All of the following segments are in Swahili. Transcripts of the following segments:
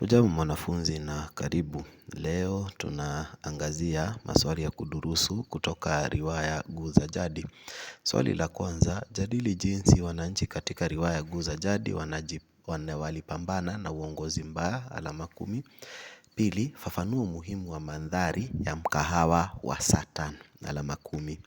Hujambo mwanafunzi na karibu, leo tunaangazia maswali ya kudurusu kutoka riwaya Nguu za Jadi. Swali la kwanza, jadili jinsi wananchi katika riwaya Nguu za Jadi walipambana na uongozi mbaya alama kumi. Pili, fafanua umuhimu wa mandhari ya mkahawa wa Satan alama kumi.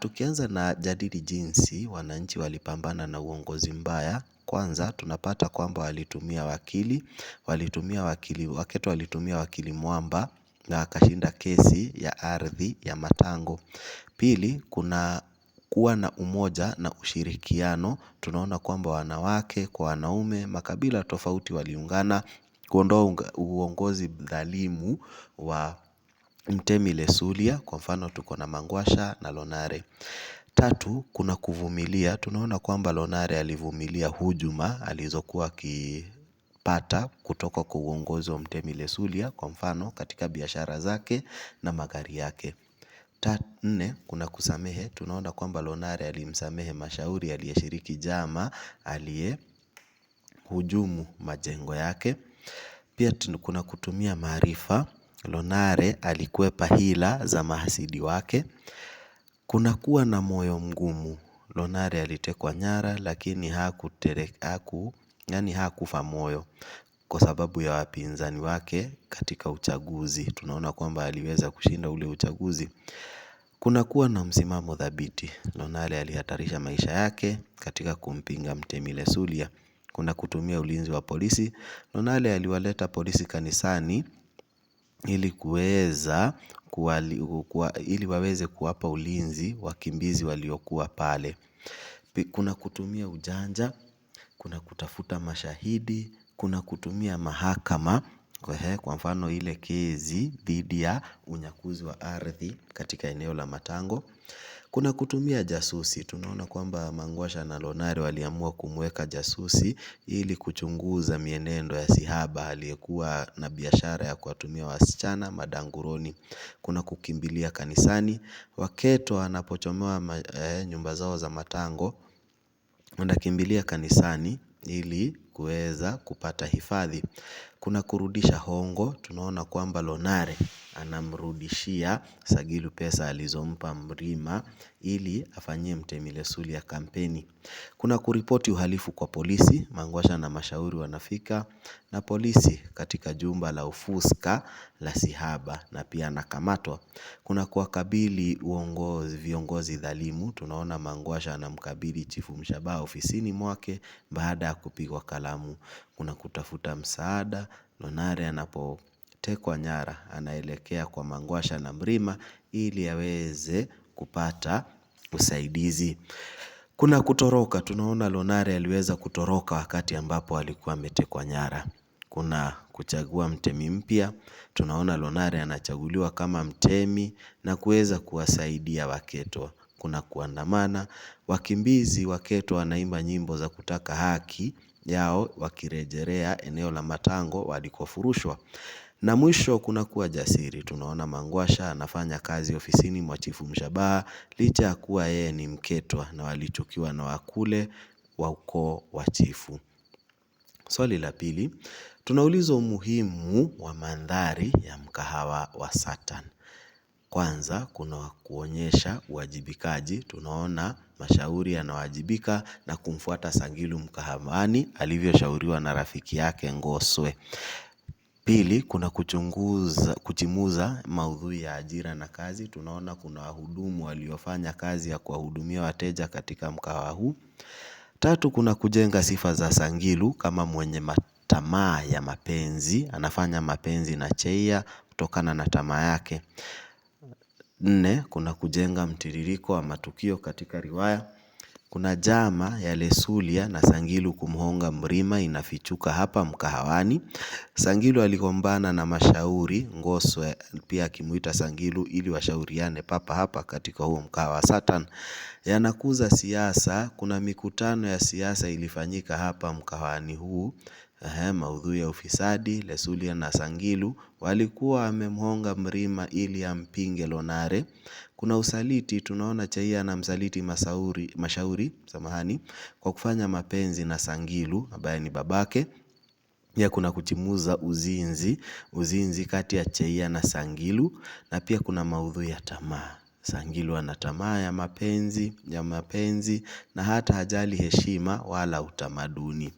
Tukianza na jadili jinsi wananchi walipambana na uongozi mbaya kwanza tunapata kwamba walitumia wakili, walitumia wakili, Waketo walitumia wakili mwamba na wakashinda kesi ya ardhi ya Matango. Pili, kuna kuwa na umoja na ushirikiano, tunaona kwamba wanawake kwa wanaume, makabila tofauti waliungana kuondoa uongozi dhalimu wa Mtemi Lesulia kwa mfano tuko na Mangwasha na Lonare. Tatu, kuna kuvumilia. Tunaona kwamba Lonare alivumilia hujuma alizokuwa akipata kutoka kwa uongozi wa Mtemi Lesulia kwa mfano katika biashara zake na magari yake. Nne, kuna kusamehe. Tunaona kwamba Lonare alimsamehe Mashauri aliyeshiriki jama aliyehujumu majengo yake. Pia kuna kutumia maarifa. Lonare alikwepa hila za mahasidi wake. Kunakuwa na moyo mgumu. Lonare alitekwa nyara lakini hakufa moyo kwa sababu ya wapinzani wake katika uchaguzi. Tunaona kwamba aliweza kushinda ule uchaguzi. kuna kuwa na msimamo thabiti. Lonare alihatarisha maisha yake katika kumpinga Mtemile Sulia. Kuna kutumia ulinzi wa polisi. Lonare aliwaleta polisi kanisani ili kuweza ili waweze kuwapa ulinzi wakimbizi waliokuwa pale. Kuna kutumia ujanja, kuna kutafuta mashahidi, kuna kutumia mahakama kwa mfano ile kezi dhidi ya unyakuzi wa ardhi katika eneo la matango. Kuna kutumia jasusi, tunaona kwamba Mangwasha na Lonare waliamua kumweka jasusi ili kuchunguza mienendo ya Sihaba aliyekuwa na biashara ya kuwatumia wasichana madanguroni. Kuna kukimbilia kanisani, Waketo wanapochomewa eh, nyumba zao za matango wanakimbilia kanisani ili kuweza kupata hifadhi kuna kurudisha hongo tunaona kwamba Lonare anamrudishia Sagilu pesa alizompa Mrima ili afanyie mtemilesuli ya kampeni. Kuna kuripoti uhalifu kwa polisi, Mangwasha na mashauri wanafika na polisi katika jumba la ufuska la Sihaba na pia anakamatwa. Kuna kuwakabili viongozi dhalimu, tunaona Mangwasha anamkabili Chifu Mshabaha ofisini mwake baada ya kupigwa kalamu. Kuna kutafuta msaada, Lonare anapo anatekwa nyara anaelekea kwa Mangwasha na Mrima ili aweze kupata usaidizi. Kuna kutoroka, tunaona Lonare aliweza kutoroka wakati ambapo alikuwa ametekwa nyara. Kuna kuchagua mtemi mpya, tunaona Lonare anachaguliwa kama mtemi na kuweza kuwasaidia Waketwa. Kuna kuandamana, wakimbizi Waketwa wanaimba nyimbo za kutaka haki yao wakirejelea eneo la Matango walikofurushwa. Na mwisho kuna kuwa jasiri. Tunaona Mangwasha anafanya kazi ofisini mwa chifu Mshabaha licha ya kuwa yeye ni Mketwa na walichukiwa na Wakule wa ukoo wa chifu. Swali la pili, tunauliza umuhimu wa mandhari ya mkahawa wa Saturn. Kwanza kuna kuonyesha uwajibikaji, tunaona Mashauri anawajibika na kumfuata Sangilu mkahawani alivyoshauriwa na rafiki yake Ngoswe. Pili, kuna kuchunguza maudhui ya ajira na kazi. Tunaona kuna wahudumu waliofanya kazi ya kuwahudumia wateja katika mkahawa huu. Tatu, kuna kujenga sifa za Sangilu kama mwenye matamaa ya mapenzi. Anafanya mapenzi na Cheia kutokana na tamaa yake. Nne, kuna kujenga mtiririko wa matukio katika riwaya. Kuna jama ya Lesulia na Sangilu kumhonga mrima inafichuka hapa mkahawani. Sangilu alikombana na mashauri Ngoswe pia akimuita Sangilu ili washauriane papa hapa katika huo mkaa wa satan Yanakuza siasa. Kuna mikutano ya siasa ilifanyika hapa mkahawani huu maudhui ya ufisadi, Lesulia na Sangilu walikuwa wamemhonga Mrima ili ampinge Lonare. Kuna usaliti, tunaona Chaia anamsaliti Masauri, Mashauri samahani, kwa kufanya mapenzi na Sangilu ambaye ni babake pia kuna kutimuza uzinzi uzinzi kati ya Cheia na Sangilu, na pia kuna maudhui ya tamaa. Sangilu ana tamaa ya mapenzi ya mapenzi, na hata hajali heshima wala utamaduni.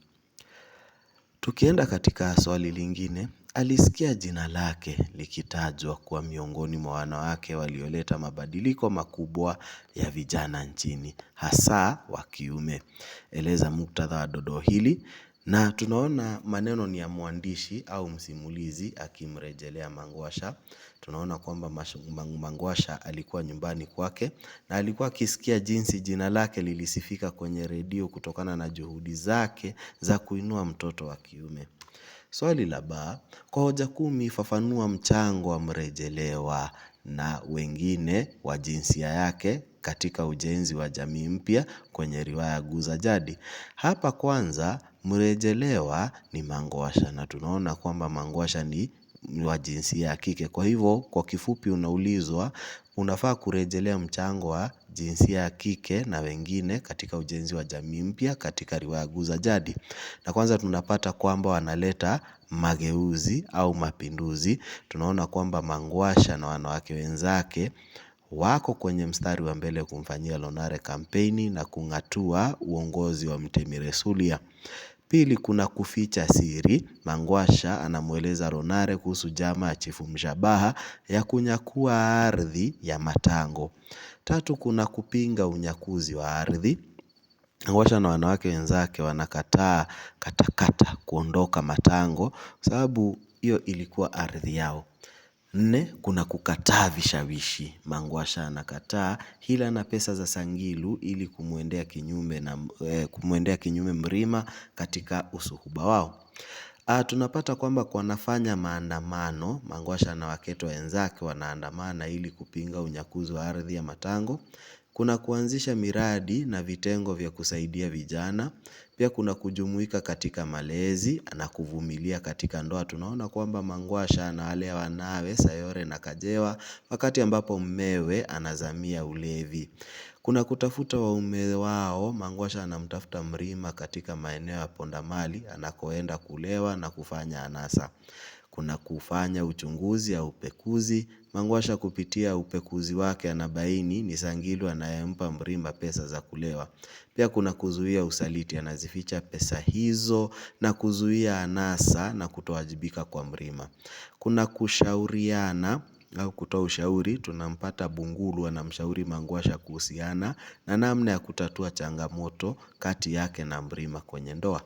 Tukienda katika swali lingine, alisikia jina lake likitajwa kuwa miongoni mwa wanawake walioleta mabadiliko makubwa ya vijana nchini, hasa wa kiume. Eleza muktadha wa dondoo hili na tunaona maneno ni ya mwandishi au msimulizi akimrejelea Mangwasha. Tunaona kwamba Mangwasha alikuwa nyumbani kwake na alikuwa akisikia jinsi jina lake lilisifika kwenye redio kutokana na juhudi zake za kuinua mtoto wa kiume. Swali la ba, kwa hoja kumi fafanua mchango wa mrejelewa na wengine wa jinsia yake katika ujenzi wa jamii mpya kwenye riwaya Guza Jadi. Hapa kwanza mrejelewa ni Mangwasha na tunaona kwamba Mangwasha ni wa jinsia ya kike. Kwa hivyo kwa kifupi, unaulizwa unafaa kurejelea mchango wa jinsia ya kike na wengine katika ujenzi wa jamii mpya katika riwaya Guza Jadi, na kwanza tunapata kwamba wanaleta mageuzi au mapinduzi. Tunaona kwamba Mangwasha na wanawake wenzake wako kwenye mstari wa mbele kumfanyia Lonare kampeni na kung'atua uongozi wa Mtemirisulia. Pili, kuna kuficha siri. Mangwasha anamweleza Lonare kuhusu jama ya Chifu Mshabaha ya kunyakua ardhi ya Matango. Tatu, kuna kupinga unyakuzi wa ardhi. Mangwasha na wanawake wenzake wanakataa katakata kuondoka Matango sababu hiyo ilikuwa ardhi yao. Nne, kuna kukataa vishawishi. Mangwasha anakataa hila na pesa za Sangilu ili kumwendea kinyume eh, kinyume Mrima katika usuhuba wao. Ah, tunapata kwamba wanafanya maandamano, Mangwasha na Waketo wenzake wanaandamana ili kupinga unyakuzi wa ardhi ya Matango. Kuna kuanzisha miradi na vitengo vya kusaidia vijana, pia kuna kujumuika katika malezi na kuvumilia katika ndoa. Tunaona kwamba Mangwasha anawalea wanawe Sayore na Kajewa wakati ambapo mmewe anazamia ulevi. Kuna kutafuta waume wao, Mangwasha anamtafuta Mrima katika maeneo ya pondamali, anakoenda kulewa na kufanya anasa kuna kufanya uchunguzi au upekuzi. Mangwasha kupitia upekuzi wake anabaini ni Sangilu anayempa Mrima pesa za kulewa. Pia kuna kuzuia usaliti anazificha pesa hizo na kuzuia anasa na kutowajibika kwa Mrima. Kuna kushauriana au kutoa ushauri, tunampata Bungulu anamshauri Mangwasha kuhusiana na namna ya kutatua changamoto kati yake na Mrima kwenye ndoa.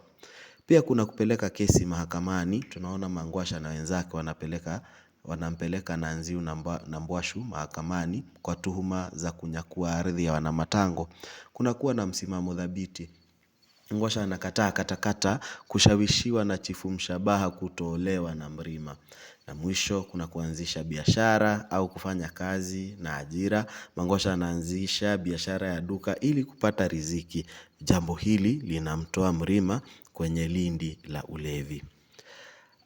Pia kuna kupeleka kesi mahakamani, tunaona Mangwasha na wenzake wanapeleka wanampeleka Nanziu na Mbwashu mahakamani kwa tuhuma za kunyakua ardhi ya wanamatango. Kunakuwa na msimamo dhabiti ngosha anakataa katakata kushawishiwa na Chifu Mshabaha kutoolewa na Mrima. Na mwisho kuna kuanzisha biashara au kufanya kazi na ajira. mangosha anaanzisha biashara ya duka ili kupata riziki. Jambo hili linamtoa Mrima kwenye lindi la ulevi.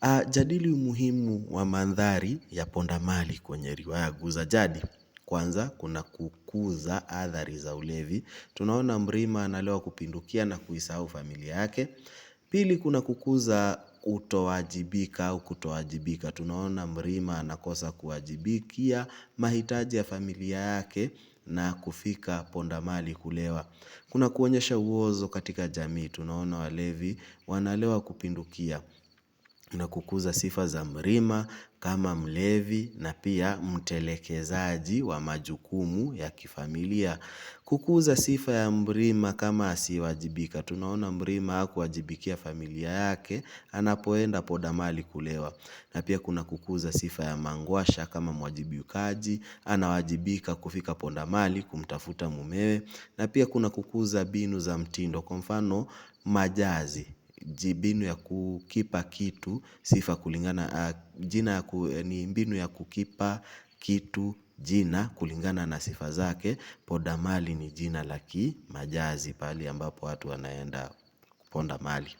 Ah, jadili umuhimu wa mandhari ya pondamali kwenye riwaya Guza Jadi. Kwanza kuna kukuza athari za ulevi. Tunaona Mrima analewa kupindukia na kuisahau familia yake. Pili kuna kukuza utowajibika au kutowajibika. Tunaona Mrima anakosa kuwajibikia mahitaji ya familia yake na kufika pondamali kulewa. Kuna kuonyesha uozo katika jamii. Tunaona walevi wanalewa kupindukia na kukuza sifa za mrima kama mlevi na pia mtelekezaji wa majukumu ya kifamilia. Kukuza sifa ya mrima kama asiyewajibika. Tunaona mrima hakuwajibikia familia yake anapoenda podamali kulewa. Na pia kuna kukuza sifa ya mangwasha kama mwajibikaji anawajibika kufika mali kumtafuta mumewe. Na pia kuna kukuza binu za mtindo kwa mfano majazi jibinu ya kukipa kitu sifa kulingana ah, jina eh, ni mbinu ya kukipa kitu jina kulingana na sifa zake. Poda mali ni jina la kimajazi pahali ambapo watu wanaenda kuponda mali.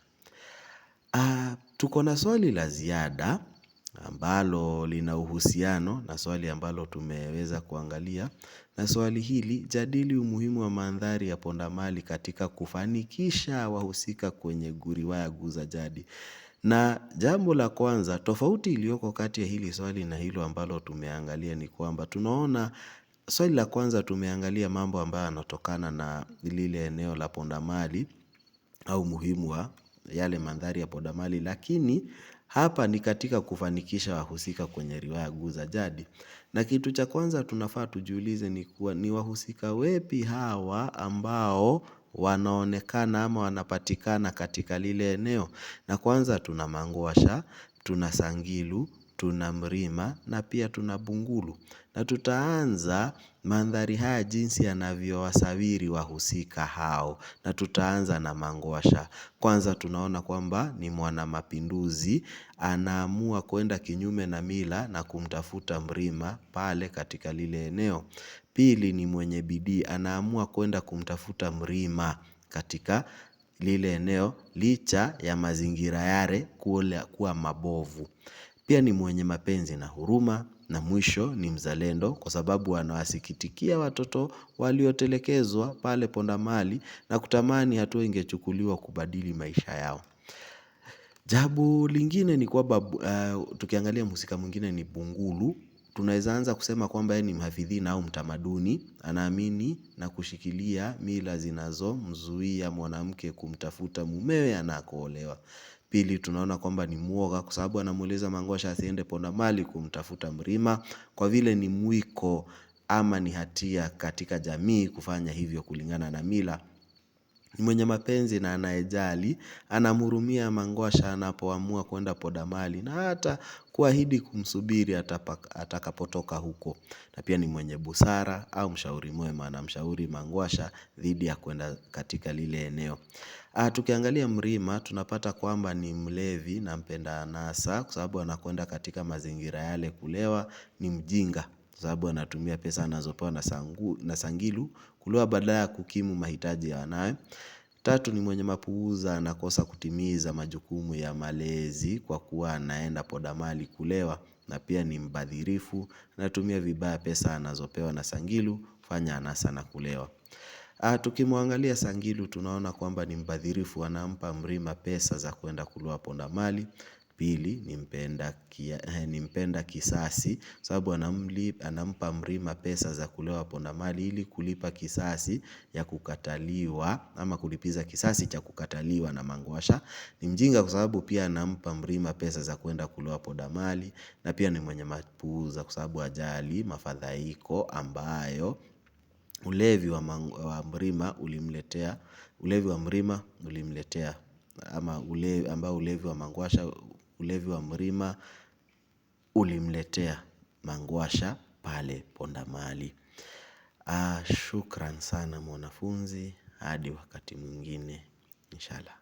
Ah, tuko na swali la ziada ambalo lina uhusiano na swali ambalo tumeweza kuangalia na swali hili jadili umuhimu wa mandhari ya pondamali katika kufanikisha wahusika kwenye riwaya za jadi. Na jambo la kwanza tofauti iliyoko kati ya hili swali na hilo ambalo tumeangalia ni kwamba tunaona swali la kwanza tumeangalia mambo ambayo yanatokana na lile eneo la ponda mali au umuhimu wa yale mandhari ya ponda mali lakini hapa ni katika kufanikisha wahusika kwenye riwaya Guza Jadi. Na kitu cha kwanza tunafaa tujiulize ni kuwa ni wahusika wepi hawa ambao wanaonekana ama wanapatikana katika lile eneo. Na kwanza tuna Mangwasha, tuna Sangilu, tuna Mrima na pia tuna Bungulu. Na tutaanza Mandhari haya jinsi yanavyo wasawiri wahusika hao na tutaanza na mangosha Kwanza tunaona kwamba ni mwana mapinduzi anaamua kwenda kinyume na mila na kumtafuta Mrima pale katika lile eneo. Pili ni mwenye bidii anaamua kwenda kumtafuta Mrima katika lile eneo licha ya mazingira yale kuwa mabovu. Pia ni mwenye mapenzi na huruma na mwisho ni mzalendo kwa sababu anawasikitikia watoto waliotelekezwa pale pondamali na kutamani hatua ingechukuliwa kubadili maisha yao. Jambo lingine ni kwamba eh, tukiangalia mhusika mwingine ni Bungulu. Tunaweza anza kusema kwamba yeye ni mhafidhina au mtamaduni. Anaamini na kushikilia mila zinazomzuia mwanamke kumtafuta mumewe anakoolewa. Pili tunaona kwamba ni mwoga kwa sababu anamuuliza Mangosha asiende Ponda Mali kumtafuta Mrima kwa vile ni mwiko ama ni hatia katika jamii kufanya hivyo kulingana na mila ni mwenye mapenzi na anayejali, anamhurumia Mangwasha anapoamua kwenda Podamali na hata kuahidi kumsubiri atakapotoka huko. Na pia ni mwenye busara au mshauri mwema anamshauri Mangwasha dhidi ya kwenda katika lile eneo. Ah, tukiangalia Mrima tunapata kwamba ni mlevi na mpenda anasa kwa sababu anakwenda katika mazingira yale kulewa ni mjinga sababu anatumia pesa anazopewa na Sangilu kuliwa badala ya kukimu mahitaji wanawe. Tatu ni mwenye mapuuza anakosa kutimiza majukumu ya malezi kwa kuwa anaenda podamali kulewa na pia ni mbadhirifu anatumia vibaya pesa anazopewa na Sangilu kufanya anasa na kulewa. tukimwangalia Sangilu tunaona kwamba ni mbadhirifu anampa Mrima pesa za kuenda kulewa mali Pili ni mpenda eh, kisasi sababu anampa Mrima pesa za kulewa mali ili kulipa kisasi ya kukataliwa ama kulipiza kisasi cha kukataliwa na Mangwasha. Ni mjinga kwa sababu pia anampa Mrima pesa za kuenda kulewa mali na pia ni mwenye mapuuza kwa sababu hajali mafadhaiko ambayo ulevi wa Mrima ulimletea ama ulevi wa Mangwasha ulevi wa mrima ulimletea Mangwasha pale Pondamali. Ah, shukran sana mwanafunzi, hadi wakati mwingine inshallah.